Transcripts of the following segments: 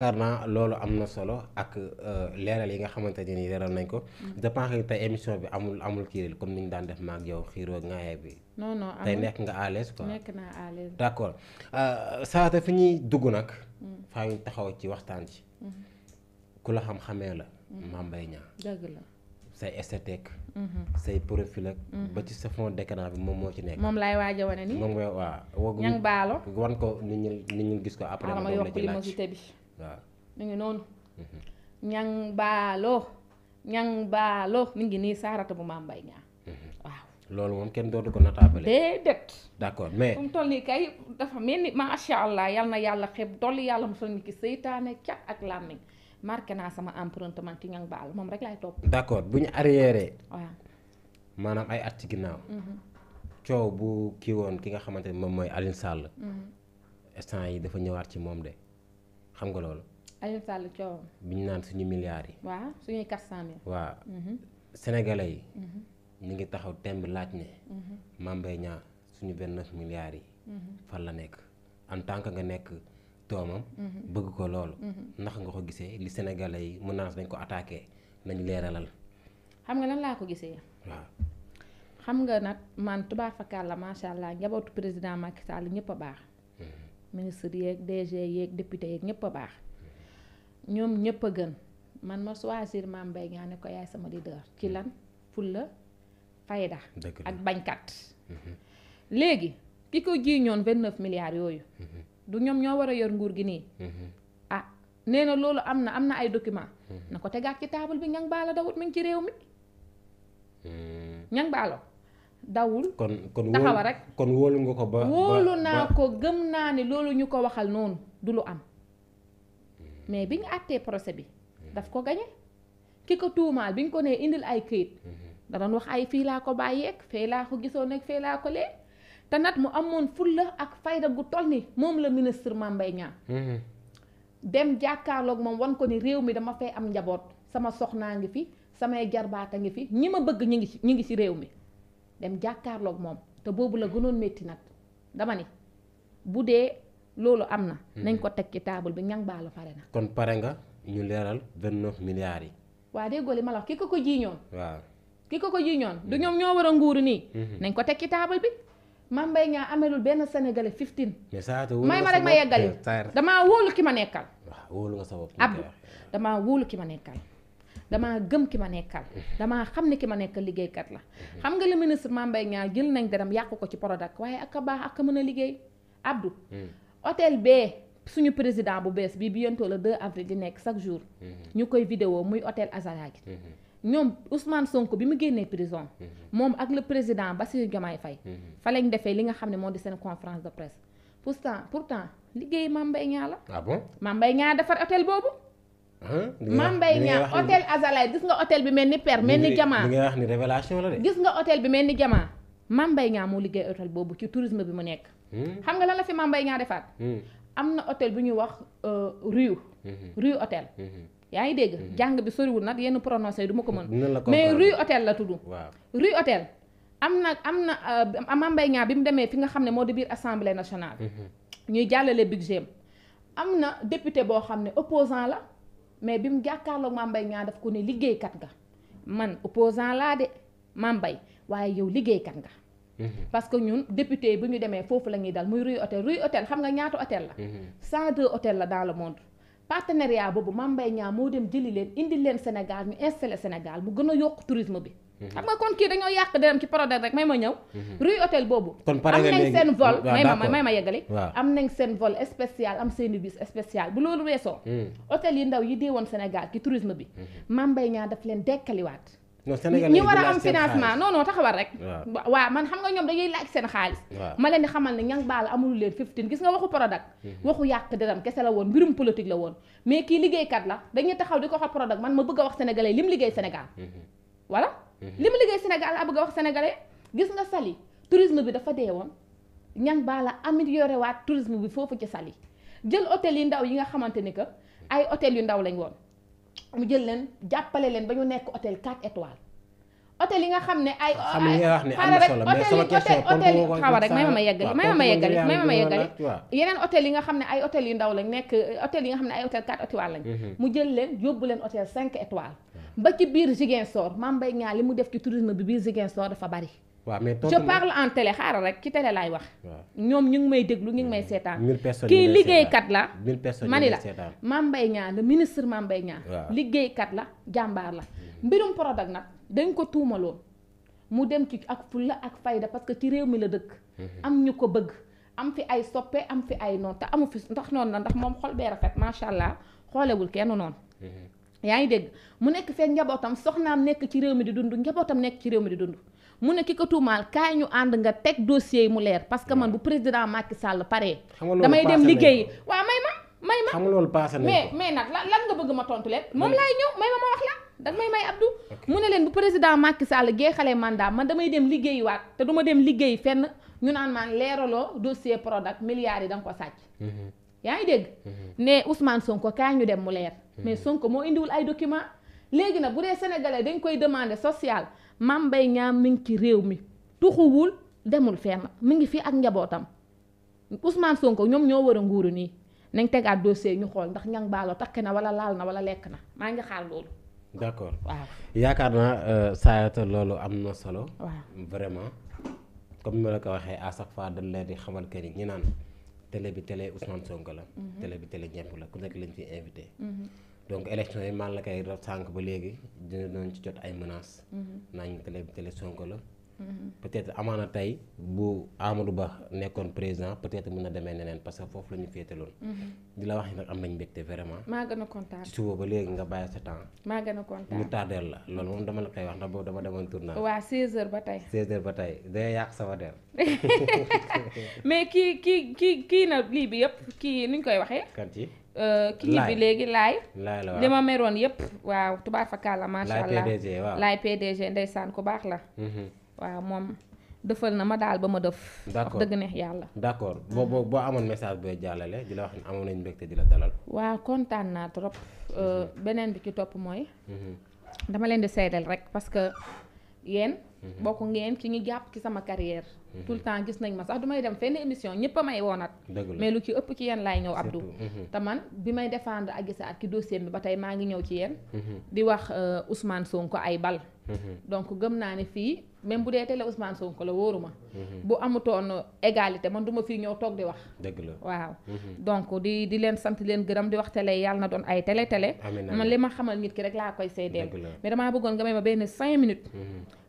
yaakaar naa loolu am na solo ak euh, leeral yi nga xamante ne nii leeral nañ ko. Mm. je pense que tey bi amul amul kii comme ni ñu daan def ma ak yow xiiroo ngaaye bi. tey nekk nga à ko quoi nekk naa euh, saata fi ñuy dugg nag. Mm. faa taxaw ci waxtaan ji mm. ku la xam-xamee la. Mame Mbaye Niang say esthétique mm-hmm. say profil mm-hmm. ba ci sa fond d'écran bi moom moo ci nekk moom laay waaja wane ni ñang baalo wan ko nit ñi gis ko après ah, ma yokk li ma ci waaw mu ngi noonu mhm. ñang baalo ñang baalo mi ngi nii saarata bu maam mbay ñaa mhm. waaw loolu moom kenn dootu ko nataabale déedéet d'accord mais fu mu toll nii kay dafa mel ni macha allah yal na yàlla xeeb dolli yàlla mosal ñu ki seytaane ak làmmiñ marqué naa sama empreinte man ci ñang baalo moom rek laay topp d'accord bu ñu arrière waaw maanaam ay at ci mhm. coow bu kii woon ki nga xamante ne moom mooy Alioune Sall instant yi dafa ñëwaat ci moom de xam nga loolu. Aliou Sall coowam. bi ñu naan suñu milliards yi. waaw suñuy quatre cent waa waaw mhm. sénégalais yi. Mhm. ñu ngi taxaw temb laaj ne. Mhm. Mame Mbaye suñu vingt neuf milliards yi. fan la nekk en tant que nga nekk doomam. bëgg ko loolu. ndax nga ko gisee li sénégalais yi mu menace dañ ko attaqué nañ leeralal. xam nga lan laa ko gisee. waaw. xam nga nag man tubaab fakkaar la macha allah njabootu président Macky Sall ñëpp a baax. ministre yeeg DG yeeg député yeeg ñëpp a baax ñoom ñëpp a gën man ma soisir maam Mbaye Niang ne ko yaay sama leader ci hmm. lan fulla fayda ak bañkat hmm. léegi ki ko ñoon vingt neuf milliards yooyu hmm. du ñoom ñoo war a yor nguur gi nii ah nee na loolu am na am na ay document na ko tegaat ci taabal bi ñang baala dawut mi ci réew mi ñan baalo dawul. kon kon taxawa rek kon wóolu nga ko ba. wóolu naa ko gëm naa ne loolu ñu ko waxal noonu du lu am hmm. mais bi ñu àttee procès bi daf ko gañe ki ko tuumaal bi ñu ko nee indil ay këyit hmm. da wax ay fii laa ko bàyyeek fee laa ko gisoon ak fee laa ko lee te nat mu amoon fulla ak fayda gu toll ni moom la ministre Mame Mbaye Niang hmm. dem jàkkaarlook moom wan ko ni réew mi dama fay am njaboot sama soxnaa ngi fi samay jarbaat a ngi fi ñi ma bëgg ñu ngi ci ñu ngi ci réew mi dem jàkkaarlook moom te boobu la gënoon metti nag dama ni bu dee loolu am na. Hmm. nañ ko teg ci taabal bi ñang baalu pare na. kon pare nga ñu leeral vingt neuf milliards yi. waa déggoo li ma la wax ki ko ko jiiñoon. waaw ko ko jiiñoon du hmm. ñoom ñoo war a nguuru nii. Hmm. nañ ko teg ci taabal bi. Mame Mbaye Niang amelul benn senegale 15. may ma rek ma yeggali damaa wóolu ki ma nekkal. waaw wóolu nga sa bopp. damaa wóolu ki ma nekkal. damaa gëm ki ma nekkal damaa xam ne ki ma nekkal liggéeykat la xam nga lu ministre Mame Mbaye Niang jël nañ deram yàqu ko ci Prodac waaye ak a baax ak a mën a liggéey Abdou hmm. hôtel bee suñu président bu bees bii bi bientôt le 2 avril di nekk chaque jour hmm. ñu koy vidéo muy otel Azalaï hmm. ñoom Ousmane Sonko bi mu génnee prison moom ak le président Bassirou Diomaye Faye fa lañ defee li nga xam ne moo di seen conférence de presse pourtant pourtant liggéey Mame Mbaye Niang la ah Mame Mbaye Niang hôtel Azalaï gis nga otel bi mel ni per mel ni jamaa li nga wax ni révélation gis nga hôtel bi mel ni jamaa Mame Mbaye moo liggéey hôtel boobu ci tourisme bi mu nekk hmm? xam nga lan la fi mambay Mbaye defaat hmm. am na hôtel bu ñuy wax euh, Riu hmm. Riu hôtel yaa ngi dégg jàng bi soriwul nag yenn prononcé duma du ma ko mën mais Riu otel la tudd waaw Riu am na am na euh, Mame Mbaye bi mu demee fi nga xam ne moo di biir assemblée nationale ñuy jàllale budget am na député boo xam ne opposant la mais bi mu jàkkaarloog Mame Mbaye Niang ko ne liggéeykat nga man opposant laa de mambay waaye yow liggéeykat nga mhm. parce que ñun député bu ñu demee foofu la ñuy dal muy ruy Hôtel Rue Hôtel xam nga ñaata hôtel la mhm. cent deux hôtel la dans le monde partenariat boobu mambay Mbaye moo dem jëli leen indil leen Sénégal ñu installé Sénégal mu gën a yokk tourisme bi Mhm. xam nga kon kii dañoo yàq deram ci Prodac rek may ma ñëw. Mhm. Rue hôtel boobu. am nañ seen vol may ma may ma yeggale. am nañ seen vol spécial am seen i bus spécial bu loolu weesoo. Mhm. hôtel yi ndaw yi dee woon Sénégal ci tourisme bi. Mame Mbaye Niang daf leen dekkaliwaat. non Sénégal ñi war a am financement non non taxawal rek. waaw man xam nga ñoom dañuy laaj seen xaalis. ma leen di xamal ne ñang baal amul leen 15 gis nga waxu Prodac. waxu yàq deram kese la woon mbirum politique woon mais kii liggéeykat la dañuy taxaw di ko wax Prodac man ma bëgg a wax sénégalais lim liggéey Sénégal voilà Mhm. li mu liggéey Sénégal a bëgg a wax sénégalais gis nga Saly tourisme bi dafa dee woon ñan baa la yore waat tourisme bi foofu ci sali jël hôtel yu ndaw yi nga xamante ni que ay hôtel yu ndaw lañ woon mu jël leen jàppale leen ba ñu nekk hôtel 4 étoiles hôtel yi xam ne ay. Ah, xam nga wax ne am na solo rek may ma ma yeggali may ma ma yeggali may ma ma yeggali yeneen hôtel yi nga xam ne ay hôtel yu ndaw lañ nekk hôtel yi nga xam ne ay hôtel 4 étoiles lañ. Mhm. mu jël leen yóbbu leen hôtel 5 étoiles. ba ci biir Ziguinchor Mame Mbaye Niang li mu def ci tourisme bi biir Ziguinchor dafa bari waaw mais je parle en télé xaaral rek ci télé laay wax. ñoom ñu ngi may déglu ñu ngi may seetaan. kii liggéeykat la. ma ni la Mame Mbaye Niang le ministre Mame Mbaye Niang. liggéeykat la jàmbaar la. mbirum Prodac nag dañ ko tuumaloon mu dem ci ak fulla ak fayda parce que ci réew mi la dëkk. Mhm. am ñu ko bëgg am fi ay soppe am fi ay noon te amu fi ndax noonu la ndax moom xol bee rafet macha allah xoolewul kenn noonu. Mhm. yaa ngi dégg mu nekk fekk njabootam soxnaam nekk ci réew mi di dund njabootam nekk ci réew mi di dund mu ne ki ko tuumaal kaay ñu ànd nga teg dossier yi mu leer parce que man bu président Macky Sall paree damay dem liggéeyi waa may ma may ma xam loolu passé mais mais nag lan lan nga bëgg tontu leen ma ma wax la da may may Abdou mu ne leen bu président Macky Sall geexalee mandat man damay dem liggéeyi waat te du dem liggéeyi fenn ñu naan maan leeraloo dossier Prodac milliards yi da ko sàcc mhm. yaa ngi dégg. Mhm. ne Ousmane Sonko kaa ñu dem mu leer. mais mhm. Sonko moo indiwul ay document léegi nag bu dee sénégalais dañ koy demandé social Mame Mbaye Niang mi ngi ci réew mi tuxuwul demul fenn mi ngi fii ak njabootam Ousmane Sonko ñoom ñoo war a nguuru nii nañ tegaat dossier ñu xool ndax ñang baalo takk na wala laal na wala lekk na maa ngi xaar loolu. d'accord waaw yaakaar naa euh, saayata loolu am na solo. waaw vraiment comme ni la ko waxee à chaque fois dañ leen di xamal que ni ñi naan. télé bi télé Ousmane Sonko la. Mhm. télé bi télé ñepp ku nekk lañ fi invité. Mhm. donc élection yi maa la koy sànq ba léegi dina doon ci jot ay menaces. Mhm. naañu télé bi télé Sonko la. peut-être amaana tey bu Amadou Ba nekkoon président peut-être mën na demee neneen parce que foofu la ñu féetaloon. Mhm. di la wax nag am nañ mbégte vraiment. maa gën a kontaan ci suba ba léegi nga bàyyi sa temps. maa gën a kontaan ñu tardeel la loolu moom dama la koy wax ndax boobu dama demoon tournage. waaw 16h ba tey. 16 ba tey day yàq sama der. mais kii kii kii kii na lii bi yëpp kii nuñ koy waxee. kan ci. Euh, kii bi léegi laay li ma meroon yëpp waaw tubaar fa kàlla macha allah laay PDG ndeysaan ku baax la mhm. waaw moom dëfal na ma daal ba ma dëf. d'accord dëgg neex yàlla. d'accord ah. boo boo boo amoon message booy jàllale di la wax ni amoon nañu mbégte di la dalal. waaw kontaan naa trop. Euh, mhm. beneen bi ki topp mooy. Mhm. dama leen di seedeel rek parce que yéen. Mhm. bokk ngeen ci ñi jàpp ci sama carrière mhm. tout le temps gis nañ ma sax du may dem fenn émission ñëpp a may woonat mais lu ci ëpp ci yéen laay ñëw Abdou mhm. te man bi may défendre ak gisa at ki dossier bi ba tey maa ngi ñëw ci yéen di wax euh, Ousmane sonk ay bal donc gëm naa ni fii même bu dee télé Ousmane sonk la wóoruma bu amutoon euh, égalité man duma ma fii ñëw toog di wax dëgg la waaw donc di di leen sant leen gërëm di wax télé yàlla na doon ay télé télé man li ma xamal nit ki rek laa koy seedeel mais damaa bëggoon nga may ma benn cinq minutes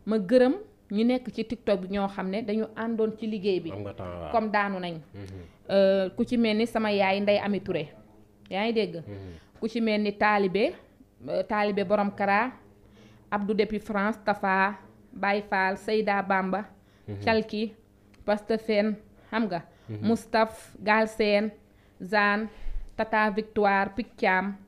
ma gërëm ñu nekk ci TikTok bi ñoo xam ne dañu àndoon ci liggéey bi comme daanu nañ mm-hmm. euh, ku ci mel ni sama yaay Ndey Ami Touré yaa ngi dégg mm-hmm. ku ci mel ni taalibe euh, taalibe borom kara Abdou depuis France Tafa Baye Fall Seyda Bamba mm-hmm. Calki Pastefen xam nga Moustapha Galsen Zane Tata Victoire Piccaam